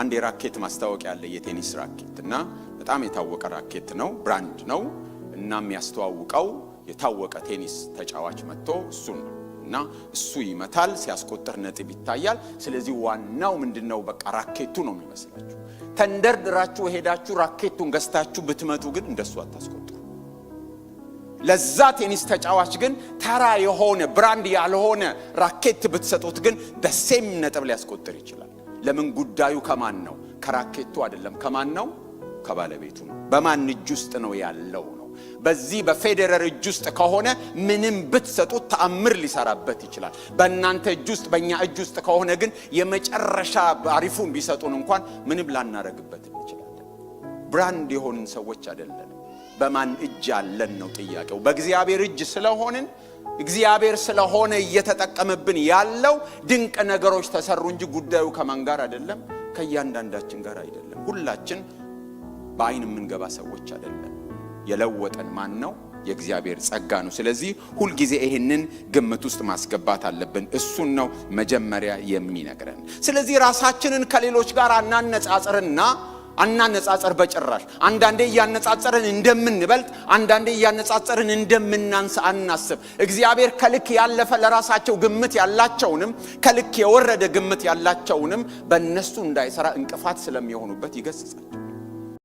አንድ የራኬት ማስታወቂያ አለ፣ የቴኒስ ራኬት እና በጣም የታወቀ ራኬት ነው፣ ብራንድ ነው እና የሚያስተዋውቀው የታወቀ ቴኒስ ተጫዋች መጥቶ እሱን ነው እና እሱ ይመታል፣ ሲያስቆጥር ነጥብ ይታያል። ስለዚህ ዋናው ምንድነው? በቃ ራኬቱ ነው የሚመስላችሁ። ተንደርድራችሁ ሄዳችሁ ራኬቱን ገዝታችሁ ብትመቱ ግን እንደሱ አታስቆጥሩ። ለዛ ቴኒስ ተጫዋች ግን ተራ የሆነ ብራንድ ያልሆነ ራኬት ብትሰጡት ግን ደሴም ነጥብ ሊያስቆጥር ይችላል። ለምን ጉዳዩ ከማን ነው? ከራኬቱ አይደለም። ከማን ነው? ከባለቤቱ ነው። በማን እጅ ውስጥ ነው ያለው ነው። በዚህ በፌዴረር እጅ ውስጥ ከሆነ ምንም ብትሰጡት ተአምር ሊሰራበት ይችላል። በእናንተ እጅ ውስጥ በእኛ እጅ ውስጥ ከሆነ ግን የመጨረሻ አሪፉን ቢሰጡን እንኳን ምንም ላናረግበት እንችላለን። ብራንድ የሆንን ሰዎች አይደለንም? በማን እጅ ያለን ነው ጥያቄው። በእግዚአብሔር እጅ ስለሆንን እግዚአብሔር ስለሆነ እየተጠቀመብን ያለው ድንቅ ነገሮች ተሰሩ እንጂ ጉዳዩ ከማን ጋር አይደለም፣ ከእያንዳንዳችን ጋር አይደለም። ሁላችን በአይን የምንገባ ሰዎች አይደለም። የለወጠን ማን ነው? የእግዚአብሔር ጸጋ ነው። ስለዚህ ሁልጊዜ ይህንን ግምት ውስጥ ማስገባት አለብን። እሱን ነው መጀመሪያ የሚነግረን። ስለዚህ ራሳችንን ከሌሎች ጋር አናነጻጽርና አናነጻጸር በጭራሽ። አንዳንዴ እያነጻጸርን እንደምንበልጥ፣ አንዳንዴ እያነጻጸርን እንደምናንስ አናስብ። እግዚአብሔር ከልክ ያለፈ ለራሳቸው ግምት ያላቸውንም ከልክ የወረደ ግምት ያላቸውንም በእነሱ እንዳይሰራ እንቅፋት ስለሚሆኑበት ይገስጻል።